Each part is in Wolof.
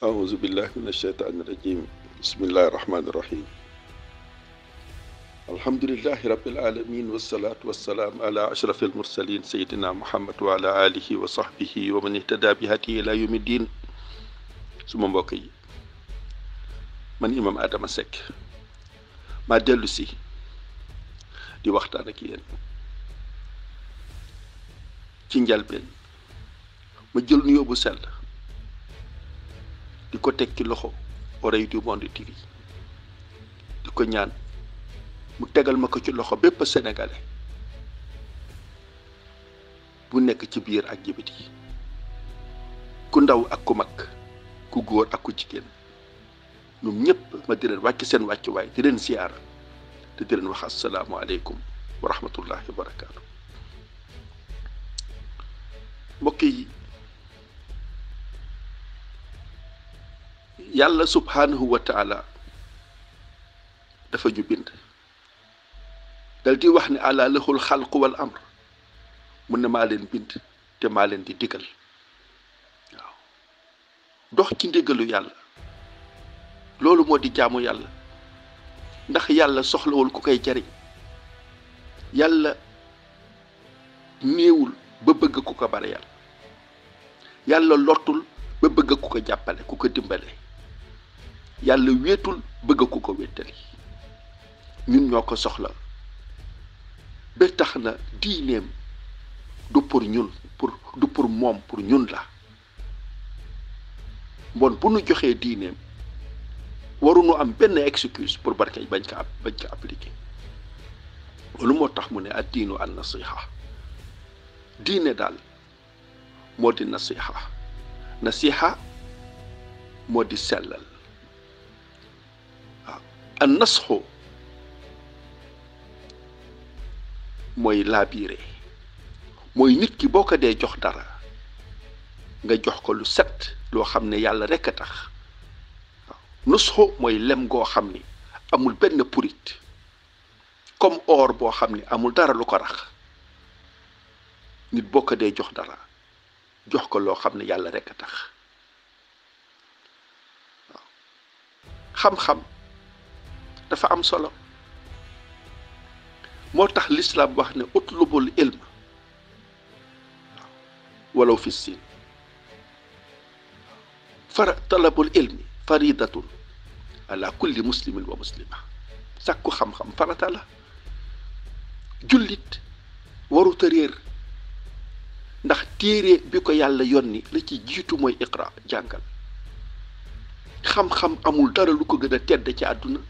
أعوذ بالله من الشيطان الرجيم بسم الله الرحمن الرحيم الحمد لله رب العالمين والصلاة والسلام على أشرف المرسلين سيدنا محمد وعلى آله وصحبه ومن اهتدى بهديه إلى يوم الدين ثم بقي من إمام آدم السك ما دلسي دي وقت أنا كيان تنجل بين مجل njalbeen ma di ko teg ci loxo oreille du monde TV di ko ñaan mu tegal ma ko ci loxo bépp senegale bu nekk ci biir ak yi ku ndaw ak ku mag ku góor ak ku jigéen ñoom ñëpp ma di leen wàcc seen wàccuwaay di leen ziyaara te di leen wax asalaamualeykum wa rahmatullahi wa barakaatu yi yàlla subhaanahu wa dafa ñu bind dal di wax ne àla lahul xalqu wal amr mu ne maa leen bind te maa leen di digal waaw dox ci ndigalu yàlla loolu moo di jaamu yàlla ndax yàlla soxlawul ku koy jariñ yàlla néewul ba bëgg ku ko bareyal yàlla lottul ba bëgg ku ko jàppale ku ko dimbale yàlla wéetul bëgg ko ko wéttali ñun ñoo ko soxla ba tax na diineem du pour ñun pour du pour moom pour ñun la bon bu nu joxee diineem waruñu am benn excuse pour barke bañ ko bañ ko appliquer loolu moo tax mu ne ad diinu an nasiha diine daal moo di nasiha nasiha moo di sellal annasu موي laabiire موي nit ki boo ko dee jox dara nga jox ko lu set loo xam ne yàlla rek a tax nusxu mooy lem goo xam ni amul benn purit comme or boo xam ni amul dara lu ko rax nit boo ko dee jox dara jox ko loo xam ne yàlla rek a tax xam-xam dafa am solo moo tax lislaam wax ne utlubul ilma walaw fi siin far talabul ilmi faridatun ala kulli muslimin wa muslima sàkku xam-xam farata jullit waruta réer ndax téere bi ko yàlla yoon ni la ci jiitu mooy iqra jàngal xam-xam amul dara lu ko gën a tedd ci àdduna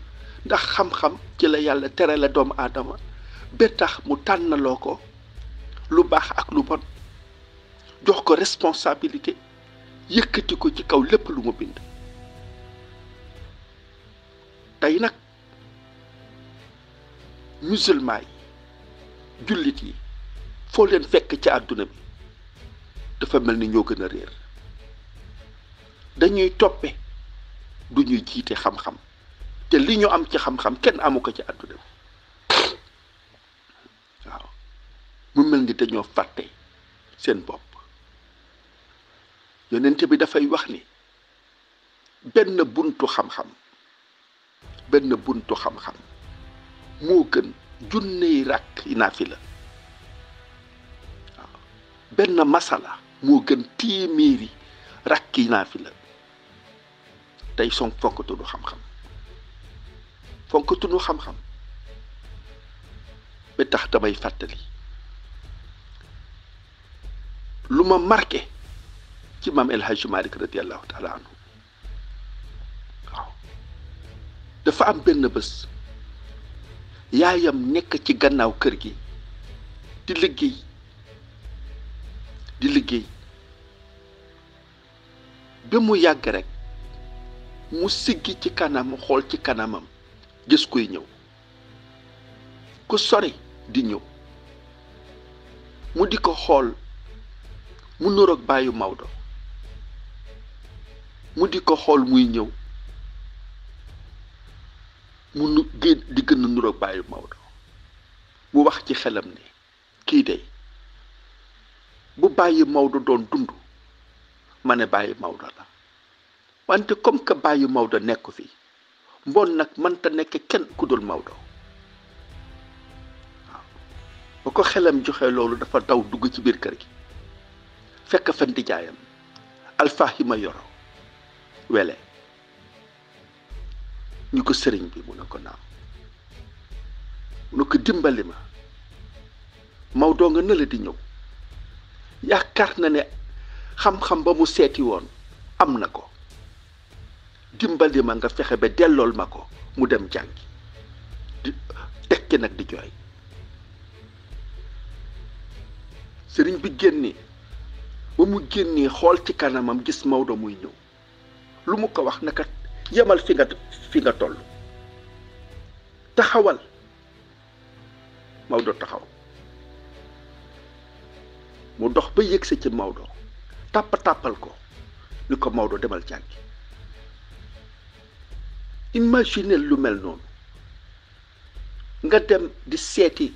ndax xam-xam ci la yàlla tere la doomu aadama ba tax mu tànnaloo ko lu baax ak lu bon jox ko responsabilité yëkkati ko ci kaw lépp lu mu bind tey nag musulman yi jullit yi foo leen fekk ci àdduna bi dafa mel ni ñoo gën a réer dañuy toppe du ñuy jiite xam-xam te li ñu am ci xam-xam kenn amu ko ci àdduna waaw mu mel ni dañoo fàtte seen bopp yonent bi dafay wax ni benn buntu xam-xam benn buntu xam-xam moo gën junney ràkk naafila waaw benn masala moo gën téeméeri ràkk naafila tey son fonkatu du xam-xam fonk tunu xam-xam ba tax damay fàttali lu ma marqué ci maam El Hadj Malick radiallahu taala dafa am benn bés yaayam nekk ci gannaaw kër gi di liggéey di liggéey ba mu yàgg rek mu siggi ci kanam xool ci kanamam gis kuy ñëw ku sori di ñëw mu di ko xool mu nuroog bàyyu mawdo mu di ko xool muy ñëw mu nu di gën a mawdo mu wax ci xelam ne kii day bu bàyyi mawdo doon dund ma ne bàyyi mawdo la wante comme que bàyyi mawdo nekk fii mbon nag mënta nekk kenn ku dul Maodo waaw ba ko xelam joxe loolu dafa daw dugg ci biir kër gi fekk fa ndijaayam alfahima yoro wele ñu ko sëriñ bi mu ne ko naaw mu ne ko dimbali ma Maodo nga nële di ñëw yaakaar na ne xam-xam ba mu seeti woon am na ko dimbali ma nga fexe ba dellool ma ko mu dem jàngi di tekki nag di jooy sëriñ bi génne ba mu génnee xool ci kanamam gis Maodo muy ñëw lu mu ko wax naka yemal fi nga fi nga toll taxawal Maodo taxaw mu dox ba yëgse ci Maodo tàpp tàppal ko ni ko Maodo demal jàngi imaginel lu mel noonu nga dem di seeti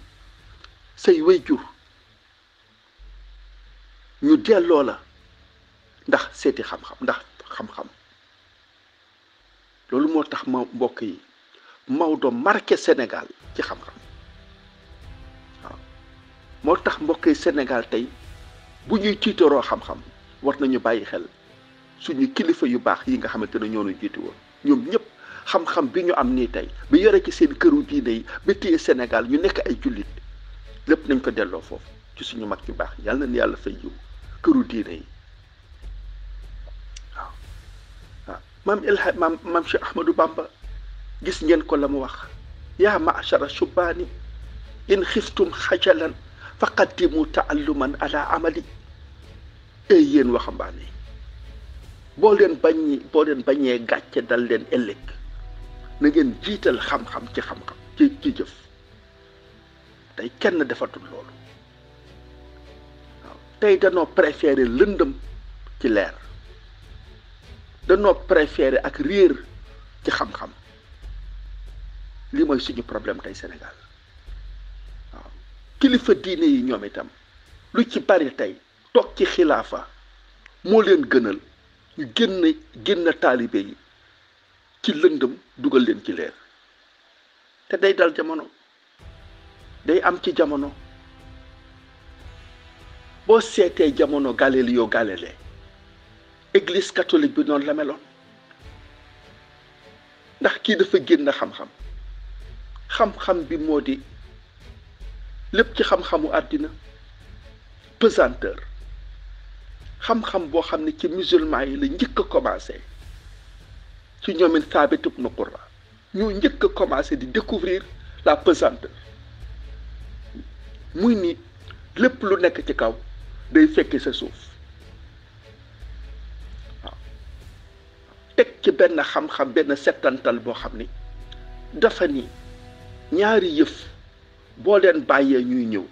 say wayjur ñu delloo la ndax seeti xam-xam ndax xam-xam loolu moo tax ma mbokk yi Maodo marqué senegal ci xam-xam moo tax mbokk senegal tey bu ñuy tiitaroo xam-xam war nañu bàyyi xel suñu kilifa yu baax yi nga xamante ne ñoo ñu jiitu woon ñoom ñëpp. xam-xam bi ñu am nii tey bi yore ci seen këru diine yi bi téye sénégal ñu nekk ay jullit lépp nañ ko delloo foofu ci suñu mag ci baax yàlla na yàlla fay jiw këru diine yi waaw ilha maam maam cheikh ahmadou bamba gis ngeen ko la mu wax yaa subaani in xiftum xajalan faqaddimu taalluman ala amali ey yéen waxambaane boo leen bañ boo leen bañee gàcce dal leen ëllëg na jiital xam-xam ci xam-xam ci ci jëf tey kenn defatul loolu waaw tey danoo préféré lëndëm ci leer danoo préféré ak réer ci xam-xam li mooy suñu problème tey Sénégal waaw kilifa diine yi ñoom itam lu ci bari tey toog ci xilaafa moo leen gënal ñu génn génn taalibe yi ci lëndëm dugal leen ci leer te day dal jamono day am ci jamono boo seetee jamono Galileo Galilei église katolik bi doon la meloon ndax kii dafa génn xam-xam xam-xam bi moo di lépp ci xam-xamu àddina pesanteur xam-xam boo xam ne ci musulman yi la njëkk a ci ñoomin saabitub nu qurra ñu njëkk a commencé di découvrir la pesanteur muy ni lépp lu nekk ci kaw day fekki sa suuf waaw teg ci benn xam-xam benn settantal boo xam ni dafa ni ñaari yëf boo leen bàyyee ñuy ñëw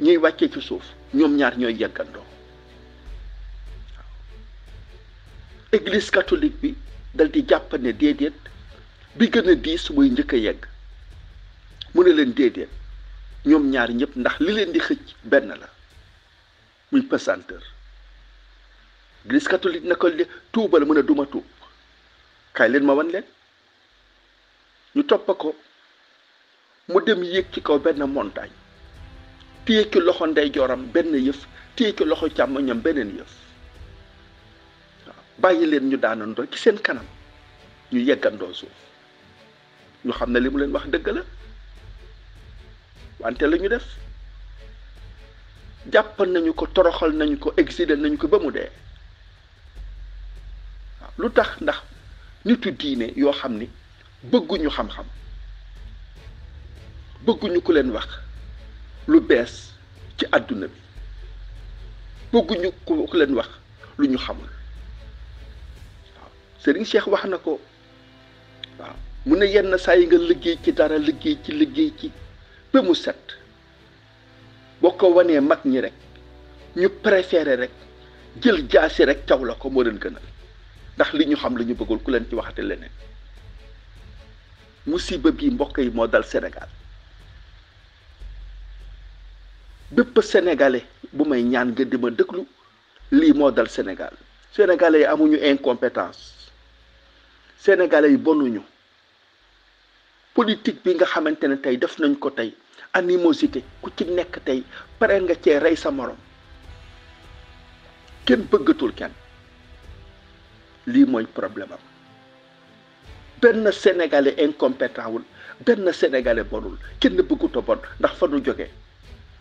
ñuy wàcce ci suuf ñoom ñaar ñooy yeggandoo église catholique bi dal di jàpp ne déedéet bi gën a diis mooy njëkk yegg mu ne leen déedéet ñoom ñaar ñëpp ndax li leen di xëcc benn la muy pesanteur Église catholique na ko tuubal mu ne duma tuub kaay leen ma wan leen ñu topp ko mu dem yéeg ci kaw benn montagne téye ci loxo ndeyjooram benn yëf téye ci loxo càmmoñam beneen yëf bàyyi leen ñu daanandoo ci seen kanam ñu yeggandoo suuf ñu xam ne li mu leen wax dëgg la wante lañu def jàppal nañu ko toroxal nañu ko exilé nañu ko ba mu dee lu tax ndax nitu diine yoo xam ni bëgguñu xam-xam bëgguñu ku leen wax lu bees ci àdduna bi bëgguñu ku leen wax lu ñu xamul Serigne Cheikh wax na ko waaw mu ne yenn saa yi nga liggéey ci dara liggéey ci liggéey ci ba mu set boo ko wanee mag ñi rek ñu préféré rek jël jaasi rek caw la ko moo leen gënal ndax li ñu xam la ñu bëggul ku leen ci waxate leneen musiba bii mbokk yi moo dal senegal bépp sénégalais bu may ñaan nga di ma déglu lii moo dal Sénégal sénégalais yi amuñu incompétence sénégalais yi la politique bi nga xamantene ne def nañ ko animosité ku ci nekk tay pare nga cee rey sa morom kenn bëggatul kenn lii problème am sénégalais incompétent wul sénégalais bon ndax fa nu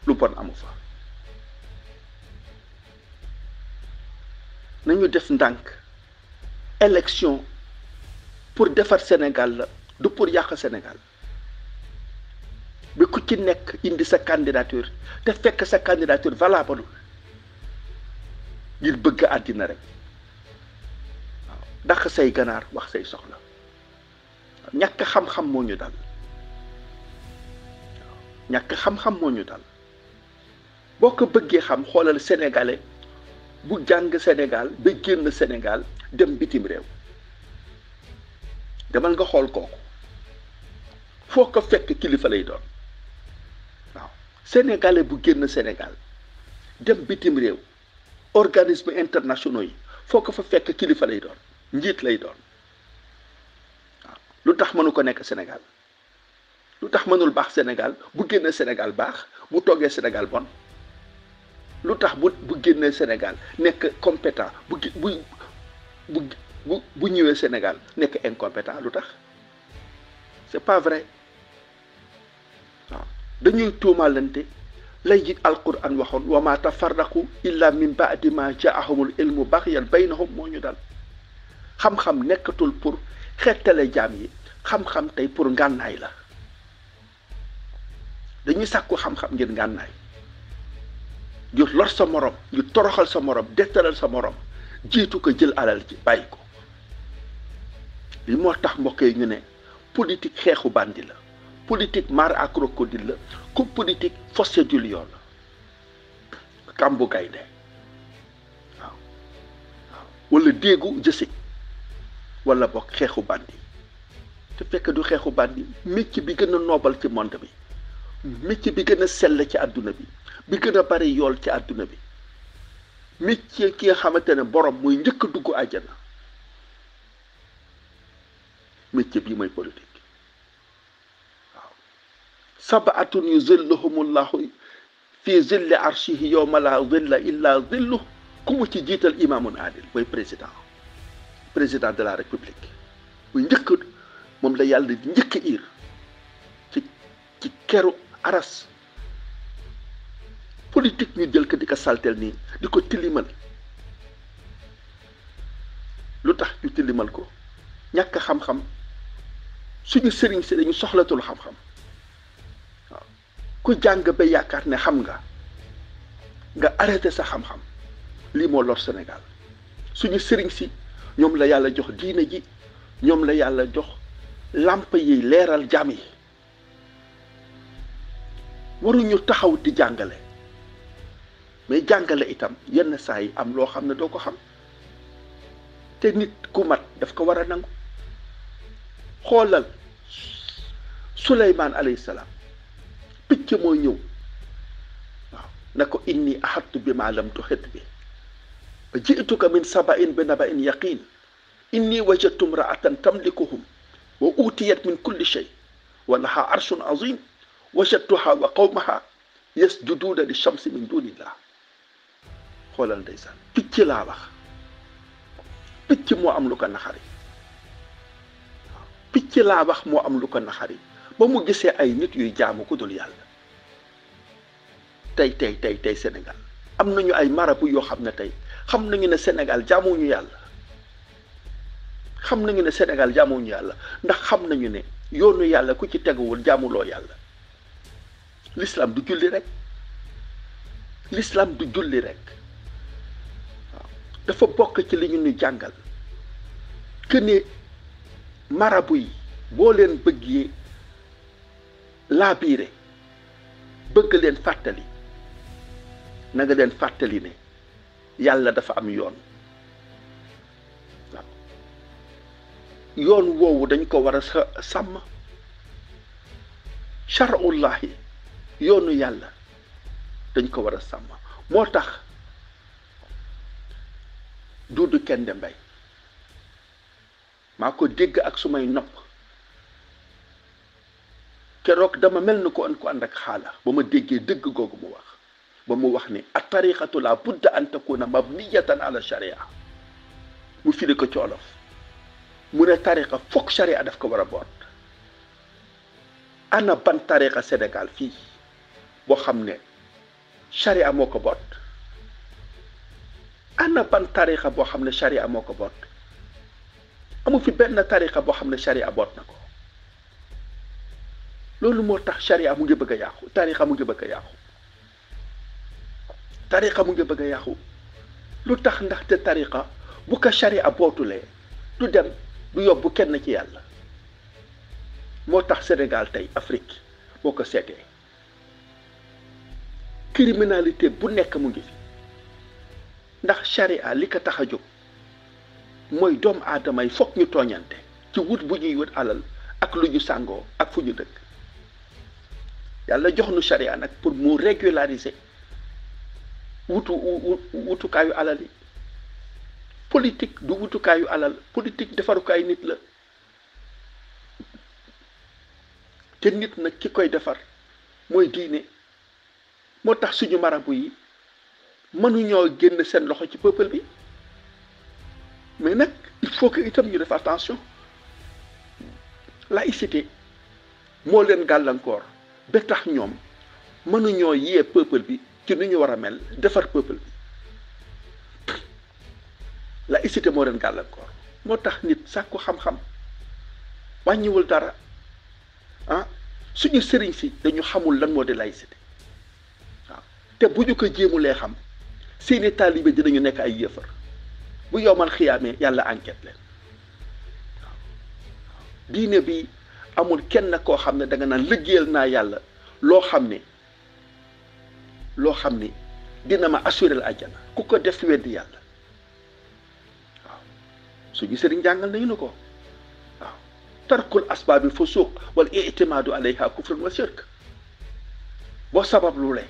lu bon amu nañu def élection pour défaire Sénégal la du pour yàq Sénégal bi ku ci nekk indi sa candidature te fekk sa candidature valable Il bëgg adina rek waaw say ganar wax say soxla ñak xam-xam moo ñu dal ñak xam-xam moo ñu dal boo ko xam xolal sénégalais bu jang Sénégal ba génn Sénégal dem bitim réew demal nga xool kooku foo ko fekk kilifa lay doon waaw sénégalais bu génn Sénégal dem bitim réew organisme internationaux yi foo ko fa fekk kilifa lay doon njiit lay doon lu ko nekk Sénégal lu le mënul Sénégal bu Sénégal baax bu toggee Sénégal bon bu Sénégal compétent bu bu ñëwee Sénégal nekk incompétent lu tax c'est pas vrai waaw dañuy tuumaalante lay ji alquran waxoon wa ma tafarraqu illa min baadi ma jaahumul ilmu bay baynahum moo ñu dal xam-xam nekkatul pour xettale jaam yi xam-xam tey pour ngànnaay la dañuy sàkku xam-xam ngir ngànnaay ngir lor sa morom ngir toroxal sa morom dettalal sa morom jiitu ko jël alal ji bàyyi ko li moo tax mbokk yi ñu ne politique xeexu bandi la politique mar à crocodile la ku politique fossé du lion la kambu gaynde waaw waaw wala déegu jësig wala bokk xeexu bandi te fekk du xeexu bandi métier bi gën a noobal ci monde bi métier bi gën a sell ci àdduna bi bi gën a bari yool ci àdduna bi métier ki nga xamante ne borom muy njëkk a dugg àjjana métier bii mooy politique waaw sabaatun yu zilluhumullahu fi zilli arshihi yowma la zilla illa zilluh ku mu ci jiital imaamun adil mooy président président de la république bu njëkk moom la yàlla di njëkk iir ci ci keru aras politique ñu jël ko di ko saltel nii di ko tilimal lu tax ñu tilimal ko ñàkk xam-xam suñu sëriñ si dañu soxlatul xam-xam ku jàng ba yaakaar ne xam nga nga arrêté sa xam-xam lii moo lor Sénégal suñu sëriñ si ñoom la yàlla jox diine ji ñoom la yàlla jox làmp yi leeral jàmm yi waruñu taxaw di jàngale mais jàngale itam yenn saa yi am loo xam ne doo ko xam te nit ku mat daf ko war a nangu xoolal suleymaan alayhi salaam picc moo ñëw waaw ne ko inni axattu bi maa lam tuxit bi wa jiituka min sabain bi naba in yaqin inni wajadtu mraatan tamlikuhum wa uutiyat min kulli shay wa laha arshun azim wajadtuha wa qawmaha yasjuduuna li shamsi min dunillah xoolal ndeysaan picc laa wax picc moo am lu ko naxari picc laa wax moo am lu ko naxari ba mu gisee ay nit yuy jaamu ku dul yàlla tey tey tey tey Sénégal am nañu ay marabu yoo xam ne tey xam nañu ne Sénégal jaamuwuñu yàlla xam nañu ne Sénégal jaamuwuñu yàlla ndax xam nañu ne yoonu yàlla ku ci teguwul jaamuloo yàlla l'islam du julli rek l'islam du julli rek waaw dafa bokk ci li ñu ñu jàngal que ne marabu yi boo leen bëggee laa laabiire bëgg leen fàttali nanga leen fàttali ne yàlla dafa am yoon yoon woowu dañ ko war a sàmm charullahi yoonu yàlla dañ ko war a sàmm moo tax duudu kenn de mbay maa ko dégg ak sumay nopp kérok dama mel ko an ko ànd ak xaala ba ma déggee dëgg googu mu wax ba mu wax ni a tariqatu budda an takuna mabniyatan ala sharia mu firi ko ci olof mu ne tariqa fokk sharia daf ko war a ana ban tariqa sénégal fii boo xam sharia moo ko ana ban tariqa boo xam ne sharia moo ko boot amu fi benn tariqa boo xam sharia boot na loolu moo tax charia mu ngi bëgg a yàqu tarixa mu ngi bëgg a yàqu tarixa mu ngi bëgg a yàqu lu tax ndaxte tarixa bu ko charia bootulee du dem du yóbbu kenn ci yàlla moo tax Sénégal tey Afrique boo ko seetee criminalité bu nekk mu ngi fi ndax charia li ko tax a jóg mooy doomu aadama yi foog ñu tooñante ci wut bu ñuy wut alal ak lu ñu sàngoo ak fu ñu dëkk yàlla jox nu charia nag pour mu régulariser wutu wutukaayu alal yi politique du wutukaayu alal politique defarukaayu nit la te nit nag ki koy defar mooy diine moo tax suñu marabu yi ñoo génn seen loxo ci peuple bi mais nag il faut que itam ñu def attention laïcité moo leen gàllankoor. ba tax ñoom mënuñoo yee peuple bi ci nu ñu war a mel defar peuple bi laïcité moo leen gàllankoor moo tax nit sàkku xam-xam wàññiwul dara ah suñu sëriñ si dañu xamul lan moo di laïcité waaw te bu ñu ko jéemulee xam seeni taalibe dinañu nekk ay yëfar bu yowmal xiyaamee yàlla enquête leen waaw diine bi amul kenn koo xam ne danga nga naan liggéeyal naa yàlla loo xam ne loo xam ne dina ma assurél àjjana ku ko def weddi yàlla waaw suñu sëriñ jàngal nañu ne ko waaw tarkul asbaabi fusuuq wal itimaadu alayha kufrun wa shirk boo sabab lu le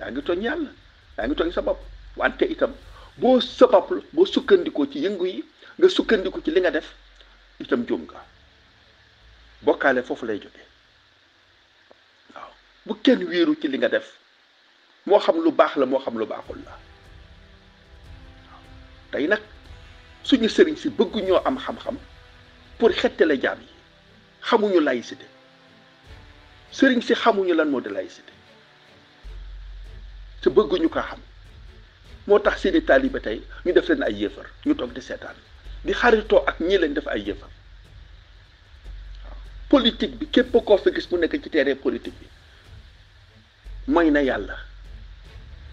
yaa ngi tooñ yàlla yaa ngi tooñ sabab wante itam boo sabab boo sukkandikoo ci yëngu yi nga sukkandiku ci li nga def itam juum nga bokkaale foofu lay jóge waaw bu kenn wéeru ci li nga def moo xam lu baax la moo xam lu baaxul la waaw tey nag suñu sëriñ si bëgguñoo am xam-xam pour xettale jaam yi xamuñu laïcité sëriñ si xamuñu lan moo di laïcité te bëgguñu ko xam moo tax seeni taalibe tey ñu def seen ay yéefar ñu toog di seetaan di xaritoo ak ñi lañ def ay yëfam politique bi képp koo fi gis mu nekk ci terrain politique bi may na yàlla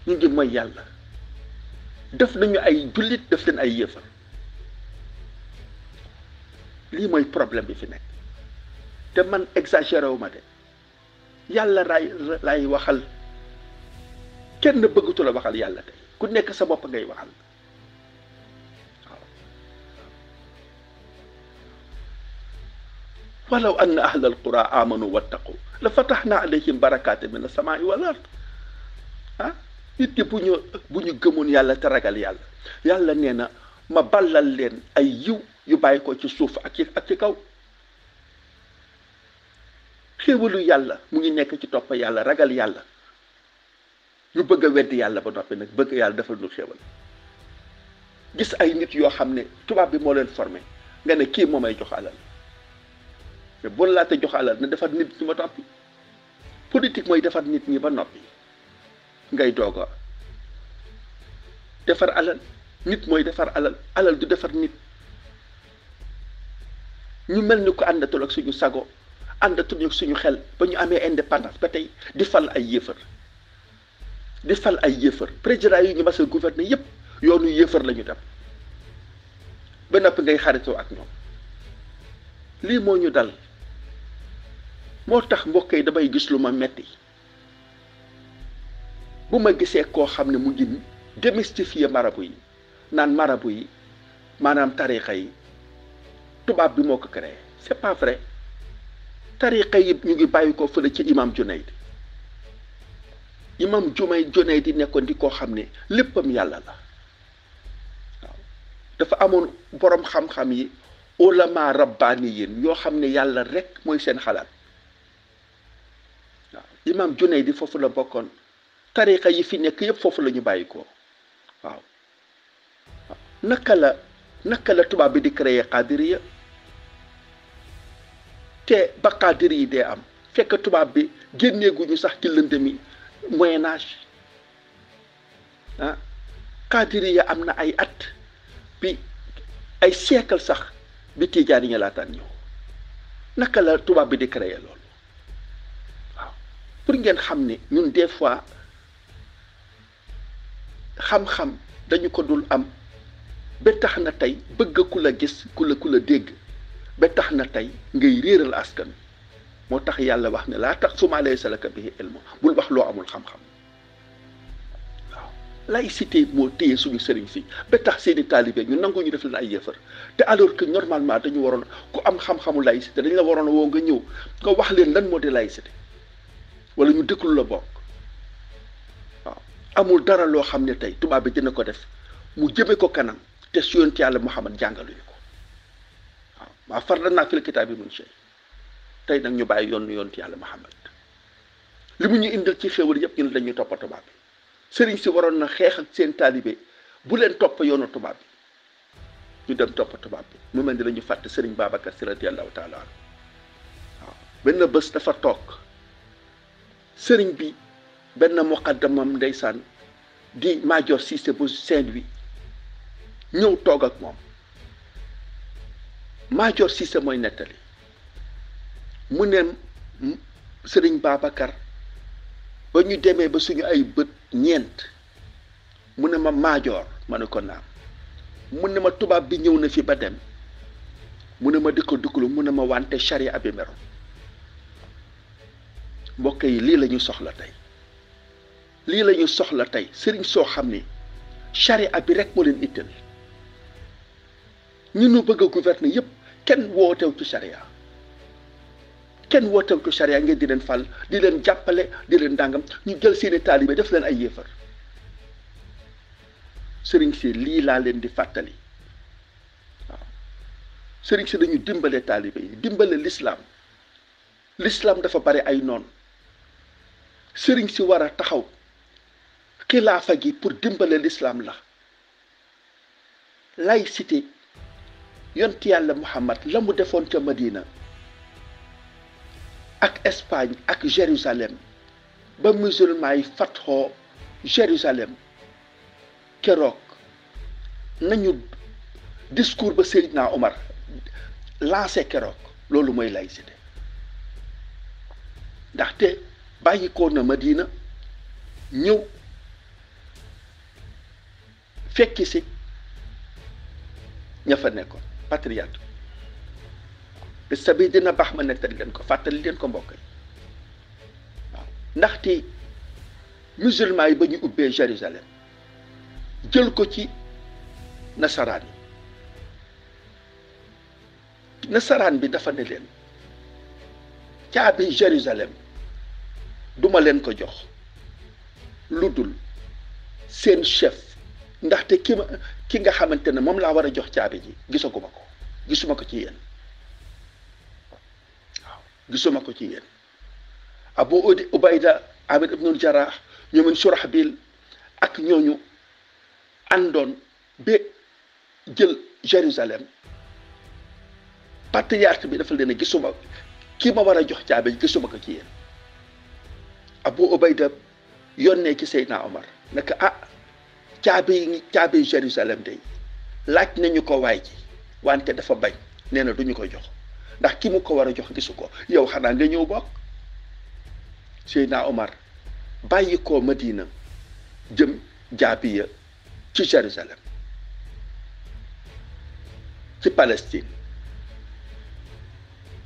ñu ngi may yàlla def nañu ay jullit def leen ay yëfam lii mooy problème bi fi nekk te man exagéré wu ma de yàlla raay laay waxal kenn bëggutu la waxal yàlla ku nekk sa bopp ngay waxal ولو أن أهل القرى آمنوا واتقوا لفتحنا عليهم بركات من السماء والأرض ah it bu ñu bu ñu gëmoon yàlla te ragal yàlla yàlla nee na ma ballal leen ay yiw yu bàyyi ko ci suuf ak ci ak ci kaw xéewalu yàlla mu ngi nekk ci topp yàlla ragal yàlla ñu bëgg a weddi yàlla ba noppi nag bëgg yàlla defal ñu xéewal gis ay nit yoo xam ne tubaab bi moo leen formé nga ne kii moo jox alal ne bon la te jox alal na defaat nit ci ma topi politique moy defat nit ñi ba nopi ngay doog defar alal nit moy defar alal alal du defar nit ñu mel ko andatul ak suñu sago andatul ak suñu xel ba ñu amé indépendance ba tay di fal ay yëfër di fal ay yëfër président yi ñu massa gouverner yépp yoonu yëfër lañu def ba nopi ngay xaritoo ak ñoom lii moo ñu dal moo tax mbokk yi damay gis lu ma metti bu ma gisee koo xam ne mu ngi démystifier marabu yi naan marabu yi maanaam tarixa yi tubaab bi moo ko créé c'est pas vrai tarixa yi ñu ngi bàyyi ko fële ci imam Junayd imam jumay Junayd di nekkoon di koo xam ne léppam yàlla la dafa amoon boroom xam-xam yi ulama rabbaani yéen yoo xam ne yàlla rek mooy seen xalaat imaam Junayd di foofu la bokkoon tariqa yi fi nekk yëpp foofu lañu ñu bàyyi ko waaw naka la naka la tubaab bi di créé qadiriya te ba qadir yi dee am fekk tubaab bi génneeguñu sax ci lëndëmi moyen âge ah qadiriya am na ay at bi ay siècle sax bi tiijaan yi ñu laataan ñëw naka la tubaab bi di créé lool pour ngeen xam ni ñun des fois xam-xam dañu ko dul am ba tax na tey bëgg ku la gis ku la ku la dégg be tax na tey ngay réeral askan moo tax yàlla wax ne laa tax suma lay salaka bihi ilma bul wax loo amul xam-xam waaw laïcité moo téye suñu sëriñ si ba tax seeni taalibe ñu nangu ñu def leen ay yëfar te alors que normalement dañu waroon ku am xam-xamu te dañ la waroon woo nga ñëw nga wax leen lan moo de di laïcité wala ñu dëkkul la bokk waaw amul dara loo xam ne tey tubaab bi dina ko def mu jëme ko kanam te su yonent yàlla Muhammad jàngaluñu ko waaw maa farratnaa fil kitaabi min shay tey nag ñu bàyyi yoon yonent yàlla Muhammad li mu ñu indil ci xéwal yëpp ñun dañuy toppa tubaab bi sëriñ si waroon na xeex ak seen taalibe bu leen topp yoonu tubaab bi ñu dem topp tubaab bi mu mel ni la ñu fàtte sëriñ Babacar Si radiyallaahu taala waaw benn bés dafa toog sëriñ bi benn muqaddamam ndeysaan di Maajoor Cissé bu saint wi ñëw toog ak moom Maajoor Cissé mooy nettali mu ne sëriñ Babacar ba ñu demee ba suñu ay bët ñeent mu ne ma Maajoor ma ne ko naam mu ne ma tubaab bi ñëw na fi ba dem mu ne ma di ko duglu mu ne ma wante charia bi meroon mbokk yi lii la ñu soxla tey lii la ñu soxla tey sëriñ soo xam ni charia bi rek moo leen itteel ñu nu bëgg a yépp kenn wootew ci charia kenn wootew ci charia ngeen di leen fal di leen jàppale di leen dàngam ñu jël seeni taalibe def leen ay yéefar sëriñ si lii laa leen di fàttali sëriñ si dañu dimbale taalibe yi dimbale lislaam lislaam dafa bare ay noon sëriñ si wara taxaw xilaafa gi pour dimbale lislaam la laïcité yont yàlla Muhammad la mu defoon ca Madina ak Espagne ak Jérusalem ba musulman yi fatxoo Jérusalem keroog nañu discours ba Seydina Omar lancé keroog loolu mooy laïcité ndaxte bàyyi ko na Madina ñëw fekki si ña fa nekkoon patriote sa dina baax ma nettali leen ko fàttali leen ko mbokk yi waaw ndaxte musulman yi ba ñu ubbee Jérusalem jël ko ci nasaraan yi nasaraan bi dafa ne leen caabi Jérusalem duma leen ko jox lu dul seen chef ndaxte ki ma ki nga xamante ne moom laa war a jox caabi ji gisaguma ko gisuma ko ci yéen waaw gisuma ko ci yéen abu ubayda amir ibnul jarah ñoomin surahbil ak ñooñu àndoon ba jël jérusalem patriarche bi dafa leen gisuma ki ma war a jox caabi ji gisuma ko ci yenn Abu Ubayda yónnee ci Seydina Omar naka ah caabi caabi Jérusalem day laaj nañu ko waay ji wante dafa bañ nee na du ñu ko jox ndax ki mu ko war a jox gisu ko yow xanaa nga ñëw bokk Seydina Omar bàyyi ma Madina jëm jaabiya ci Jérusalem ci Palestine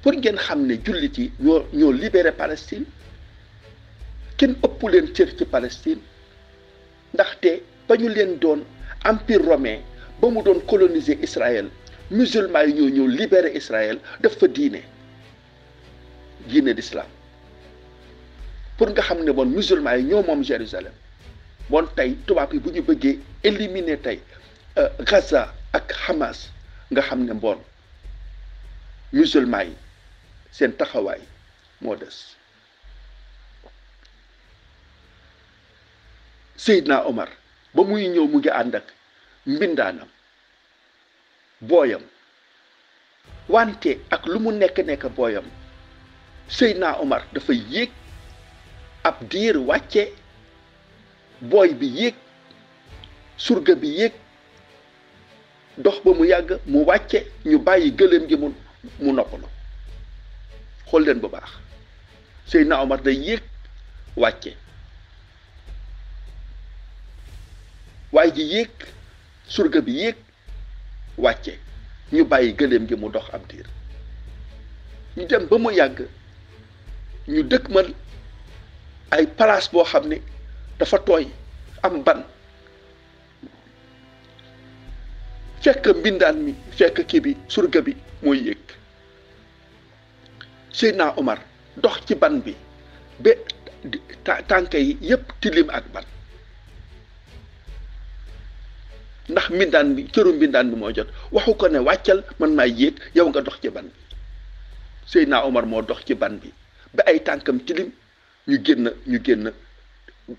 pour ngeen xam ne jullit yi ñoo ñoo libéré Palestine kenn ëpp leen cër ci Palestine ndaxte ba ñu leen doon empire romain ba mu doon coloniser Israël musulman yi ñoo ñëw libere Israël def fa diine diine lislaam pour nga xam ne bon musulman yi ñoo moom Jérusalem bon tey tubaab yi bu ñu bëggee éliminer tey euh, Gaza ak Hamas nga xam ne bon musulman yi seen taxawaay moo des seyd na Omar ba muy ñëw mu ngi ànd ak mbindaanam booyam wante ak lu mu nekk nekk booyam Seydina Omar dafa yéeg ab diir wàcce booy bi yéeg surge bi yéeg dox ba mu yàgg mu wàcce ñu bàyyi gëléem gi mu mu noppalu xool leen bu baax na Omar day yéeg wàcce waaye ji yéeg surga bi yéeg wàcce ñu bàyyi gëléem gi mu dox ab diir ñu dem ba mu yàgg ñu dëkk man ay palaas boo xam ni dafa tooy am ban fekk mbindaan mi fekk kii bi surga bi mooy yéeg Seydina Omar dox ci ban bi ba tànk yi yépp tilim ak ban ndax mbindaan bi cëru mbindaan bi moo jot waxu ko ne wàccal man maa yéeg yow nga dox ci ban bi omar moo dox ci ban bi ba ay tànkam tilim ñu génn ñu génn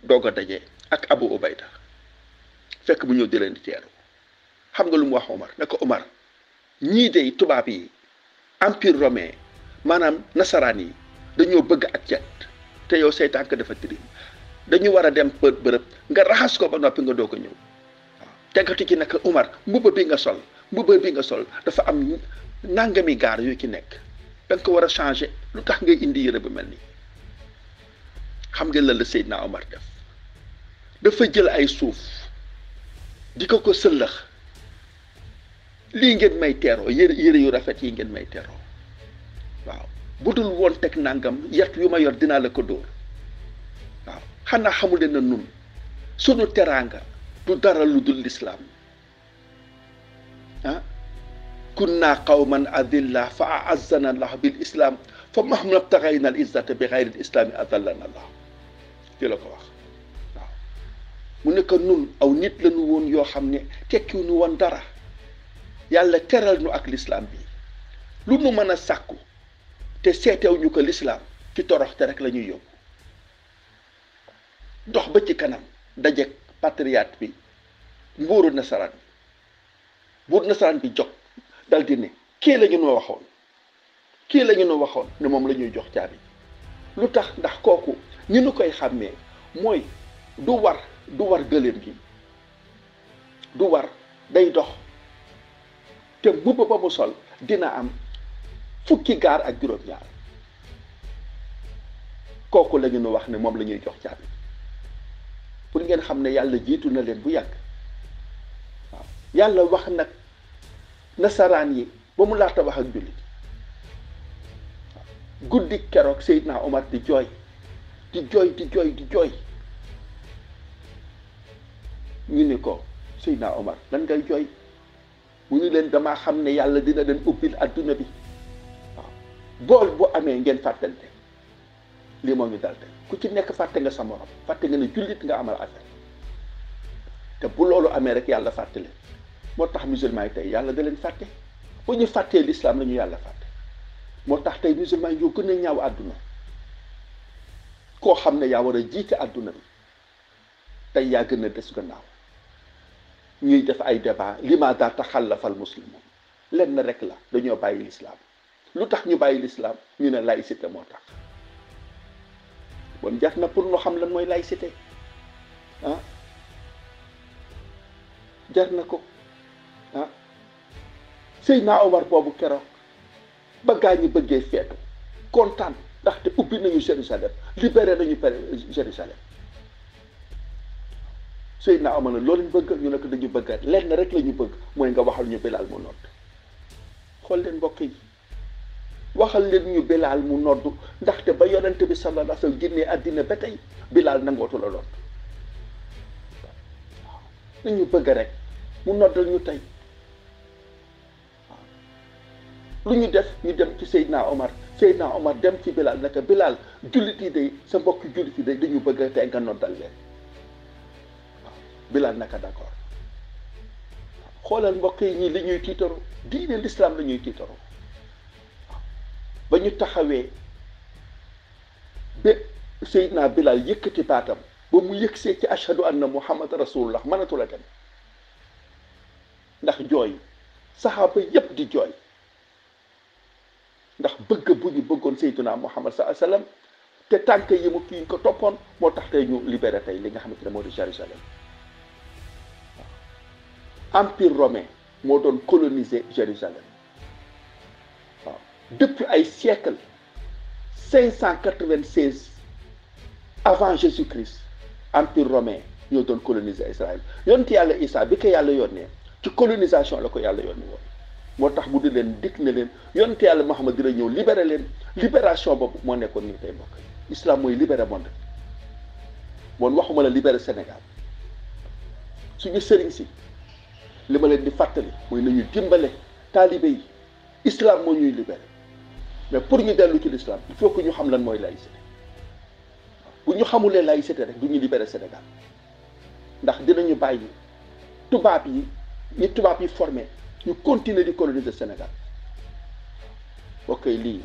doog a ak abu ubayda fekk bu ñëw di leen di teeru xam nga lu mu wax omar ne ko omar ñii day tubaab yi empire romain maanaam nasaraan yi dañoo bëgg ak cet te yow say tànk dafa tilim dañu war a dem bërëb nga raxas ko ba noppi nga doog a tegati ki nag Umar mbubb bi nga sol mbubb bi nga sol dafa am nangami gaar yu ci nekk da ko war a changer lu tax ngay indi yére bu mel nii xam nga lan la naa Omar def dafa jël ay suuf di ko ko sëllëx lii ngeen may teeroo yére yére yu rafet yi ngeen may teeroo waaw bu dul woon teg nangam yat yu ma yor dinaa la ko dóor waaw xanaa xamul ne na nun sunu teraanga du dara lu dul lislaam ah kunna qawman adilla fa azzana allah bil islam fa mahma btaxayna al izzata bi xayri al islaami allah ci la ko wax waaw mu ne ko nun aw nit lañu woon yoo xam ne tekkiw nu woon dara yàlla teral nu ak lislaam bi lu nu mën a sàkku te seetew ko lislaam ci toroxte rek la ñuy dox ba ci kanam dajeek patriote bi nguuru nasaraan buur nasaraan bi jóg dal di ne kii la ñu noo waxoon kii la ñu waxoon ne moom lañuy jox caabi lu tax ndax kooku ñu koy xàmmee mooy du war du war gëléem gi du war day dox te mbubb ba mu sol dina am fukki gaar ak juróom kooku la ñu nu wax ne moom la jox caabi pour ngeen xam ne yàlla jiitu na leen bu yàgg yàlla wax nag nasaraan yi ba mu laata wax ak jullit guddi keroog Seydina Omar di jooy di jooy di jooy di jooy ñu ni ko Seydina Omar lan ngay jooy bu ñu leen damaa xam ne yàlla dina leen ubbil adduna bi waaw bool bu amee ngeen fàttante lii moo ngi dal te ku ci nekk fàtte nga sa morom fàtte nga ne jullit nga amal affaire te bu loolu amee rek yàlla fàtte moo tax musulman yi tey yàlla da leen fàtte bu ñu fàttee lislaam la ñu yàlla fàtte moo tax tey musulman yi ñoo gën a ñaaw àdduna koo xam ne yaa war a jiite àdduna bi tey yaa gën a des gannaaw ñuy def ay débat limaada taxallafal muslimun lenn rek la dañoo bàyyi lislaam lu tax ñu bàyyi lislaam ñu ne laïcité moo tax bon jar na pour ñu xam lan mooy laïcité ah jar na ko Seydina Omar boobu keroog ba gaa ñi bëggee feetu kontaan ndaxte ubbi nañu Jérusalem libéré nañu euh, Jérusalem Seydina Omar na loolu ñu bëgg ñu ne ko dañu bëgg lenn rek la ñu bëgg mooy nga waxal ñu Bilaal mu nodd xool leen mbokk yi waxal leen ñu Bilaal mu nodd ndaxte ba yonent bi sallallahu alayhi wasallam génnee àddina ba tey Bilaal nangootu la nodd dañu bëgg rek mu noddal ñu tey lu ñu def ñu dem ci Seydina Omar Seydina Omar dem ci Bilal naka Bilal jullit yi day sa mbokki jullit yi day dañu bëgg a te nga noddal leen waaw Bilal naka d'accord xoolal mbokk yi ñi li ñuy tiitaru diine l'islam la ñuy tiitaru ba ñu taxawee ba Seydina Bilal yëkkati baatam ba mu yëgsee ci ashhadu anna muhammad rasulullah mënatu la dem ndax jooy saxaaba yépp di jooy ndax bëgg bu ñu bëggoon Seydina Muhammad sa sallam te tànk yi mu kii ko toppoon moo tax tey ñu libéré tey li nga xamante ne moo di Jérusalem waaw empire romain moo doon coloniser Jérusalem waaw depuis ay siècle cinq cent quatre-vingt-seize avant Jésus-Christ empire romain ñoo doon coloniser Israël yonent yàlla issaa bi ko yàlla yónnee ci colonisation la ko yàlla yoon woon motax tax mu di leen dikk ne len yonte yàlla Muhammad dina ñëw libérer len libération boobu mo nekkon ni tay mbokk islam moy libérer monde moon waxuma la libérer Sénégal suñu sëriñ ci lima len di fatali moy nañu dimbale talibé yi islam mo ñuy libérer mais pour ñu dellu ci l'islam il faut que ñu xam lan moy laïcité bu ñu xamulé laïcité rek du ñu libéré Sénégal ndax dinañu bàyyi tubab yi ñi tubab yi formé ñu continuer di coloniser Sénégal ok lii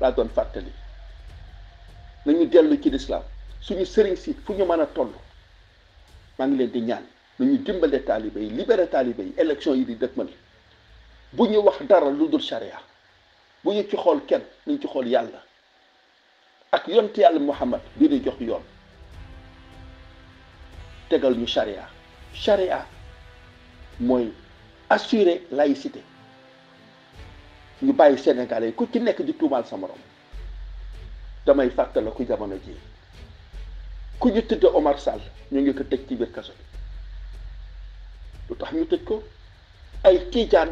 laa doon fàttali nañu dellu ci lislaam suñu sëriñ si fu ñu mën a toll maa ngi leen di ñaan nañu dimbale taalibe yi libéré taalibe yi élection yi di dëkkmal bu ñu wax dara lu dul charia bu ñu ci xool kenn nañ ci xool yàlla ak yonte yàlla Muhammad bi di jox yoon tegal ñu charia charia mooy assurer laïcité ñu bàyyi Sénégalais ku ci nekk di tuumaal sa morom damay fàttaliku jamono ji ku ñu tëdd Omar ñu ngi ko tëj ci biir kaso bi lu tax ñu tëj ko ay tiijaan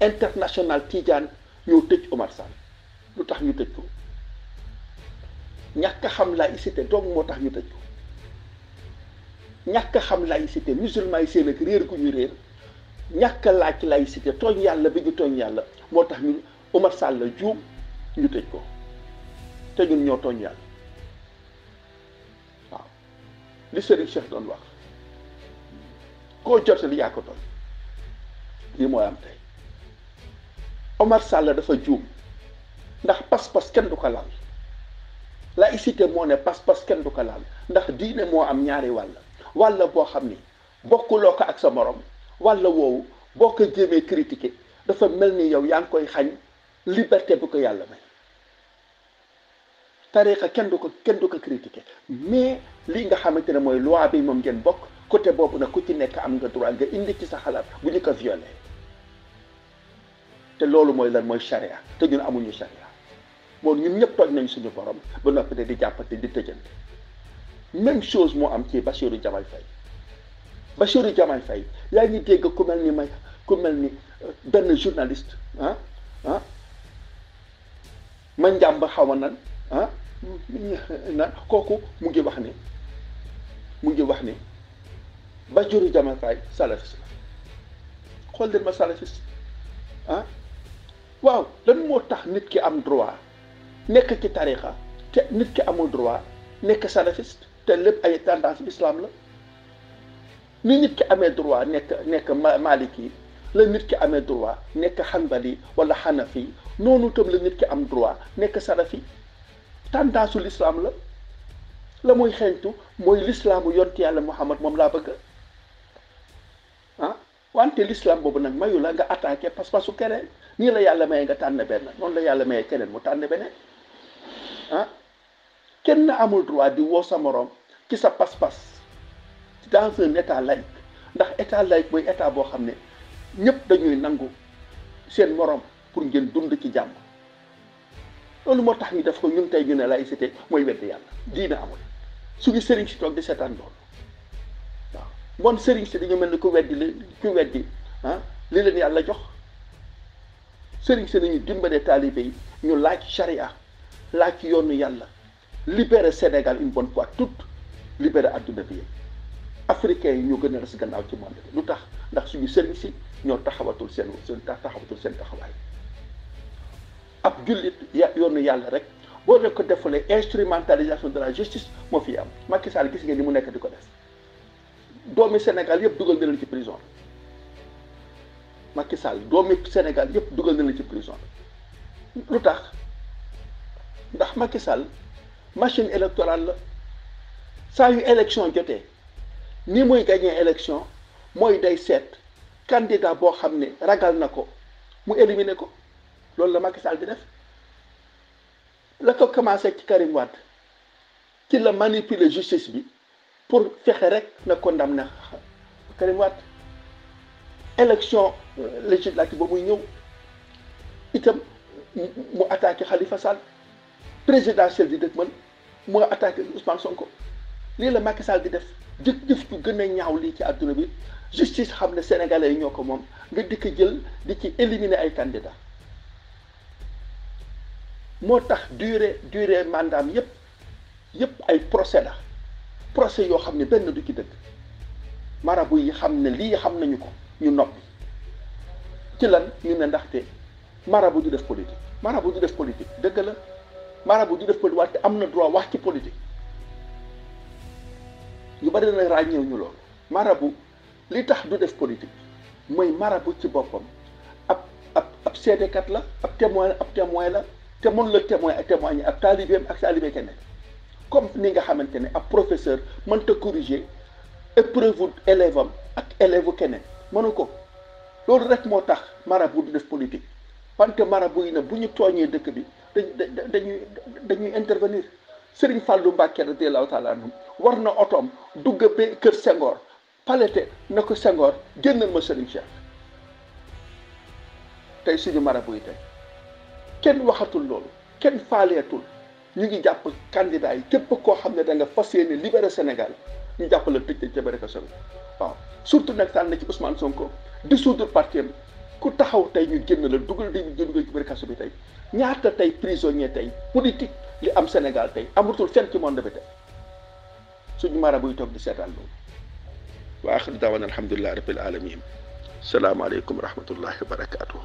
international tiijaan ñoo tëj Omar Sall lu tax ñu tëj ko ñàkk xam laïcité donc moo tax ñu tëj ko ñàkk xam laïcité musulman yi seen ak réer gu ñu réer. ñàkk a laaj laïcité tooñ yàlla bi ñu tooñ yàlla moo tax ñu Umar Sall juum ñu tëj ko te ñun ñoo tooñ yàlla waaw li Serigne Cheikh doon wax koo jottali yaa ko tooñ lii mooy am tey Umar Sall dafa juum ndax pas-pas kenn du ko laal laïcité moo ne pas-pas kenn du ko laal ndax diine moo am ñaari wàll wàll boo xam ni bokkuloo ko ak sa morom. walla woowu boo ko jéemee critiquer dafa mel ni yow yaa ngi koy xañ liberté bu ko yàlla may tariqa kenn du ko kenn du ko critiquer mais lii nga xamante ne mooy loi bi moom ngeen bokk côté boobu nag ku ci nekk am nga droit nga indi ci sa xalaat bu ñu ko violé te loolu mooy lan mooy sharia te ñun amuñu sharia moom ñun ñëpp toj nañ suñu borom ba noppi di jàppante di tëjante même chose moo am ci Bassirou Diomaye fay Bassirou Diomaye fay yaa ngi dégg ku mel ni may ku mel ni euh, benn journaliste ah ah ma xaw a nan ah nan kooku mu ngi wax ni mu ngi wax ni Bassirou Diomaye Faye salafiste la xool leen ma ah, waaw lan moo tax nit ki am droit nekk ci tarixa te nit ki amul droit nekk salafiste te lépp ay tendance islam la ni nit ki amee droit nekk nekk maliki la nit ki amee droit nekk xanbali wala xanafi noonu tam la nit ki am droit nekk salafi tendance u l'islam la la muy xeeñtu mooy l'islaamu yonti yàlla mu Muhammad moom laa bëgg ah wante l'islam boobu nag mayu la nga attaqué pas-pasu keneen nii la yàlla maye nga tànn benn noonu la yàlla maye keneen mu tànn beneen ah, kenn amul droit di woo sa morom ci sa pas-pas dans un état laïque ndax état laïque mooy état boo xam ne ñëpp dañuy nangu seen morom pour ngeen dund ci jàmm loolu moo tax ñu def ko ñun tey ñu ne laïcité mooy wedd yàlla diina amul suñu sëriñ si toog di seetaan loolu waaw moom sëriñ si dañu mel ni ku weddi li ku weddi ah li leen yàlla jox sëriñ si nañu dimbalee taalibe ñu laaj charia laaj yoonu yàlla libérer Sénégal une bonne fois toute libérer adduna bi yi africains yi ñoo gën a res gannaaw ci monde bi lu tax ndax suñu service yi ñoo taxawatul seen seen taxawatul seen taxawaay ab jullit yoonu yàlla rek boo nekk ko defalee instrumentalisation de la justice moo fii am Macky Sall gis ngeen ni mu nekk di ko def doomi Sénégal yëpp dugal na leen ci prison makki Sall doomi Sénégal yëpp dugal na leen ci prison lu tax ndax makki Sall machine électorale la saa yu élection jotee. ni muy gagné élection moy day seet candidat bo xamné ragal nako ko mu éliminer ko lolou la Macky Sall di def la ko commencé ci Karim Wade ci la manipuler justice bi pour fexé rek na condamné Karim Wade élection euh, législative ba muy ñëw itam mu attaqué Khalifa Sall présidentiel di dëkk man moo attaqué Ousmane Sonko. lii la Macky Sall di def jëf-jëf ju gën a ñaaw lii ci àdduna bi justice xam ne sénégalais yi ñoo ko moom nga dikk jël di ci éliminer ay candidats moo tax durée durée mandat yépp yépp ay procès la procès yoo xam ne benn du ci dëgg marabu yi xam ne lii xam nañu ko ñu noppi ci lan ñu ne ndaxte mara bu du def politique marabu du def politique dëgg la marabu du def politique wante am na droit wax ci politique. ñu bari na ràññeew ñu loolu marabu li tax du def politique mooy marabu ci boppam ab ab ab seedekat la ab témoin ab témoin la te mën la témoin ak témoigner ab taalibeem ak taalibe keneen comme ni nga xamante ne ab professeur mënta corriger épreuve élève am ak élève keneen mënu ko loolu rek moo tax marabu du def politique wante marabu yi nag bu ñu tooñee dëkk bi dañuy dañuy intervenir Serigne Fallou Mbacké radiyallahu taala anhu war na otoom dugg ba kër sengoor palete na ko Senghor génnal ma Serigne Cheikh tey suñu marabu yi tey kenn waxatul loolu kenn faaleetul ñu ngi jàpp candidat yi képp koo xam ne da nga fas yéene libéré Sénégal ñu jàpp la tëj dañ ca bëri kaso waaw surtout nag tànn na ci Ousmane Sonko dissoudre de am ku taxaw tey ñu génn la dugal di dugal ci bëri kaso bi tey ñaata tey prisonnier tey politique. li am Sénégal tey amatul fenn ci monde bi tey suñu mara buy toog di seetaan loolu wa axir daawan alhamdulillahi rabbil alamin salaamaaleykum wa rahmatullahi wa barakatuhu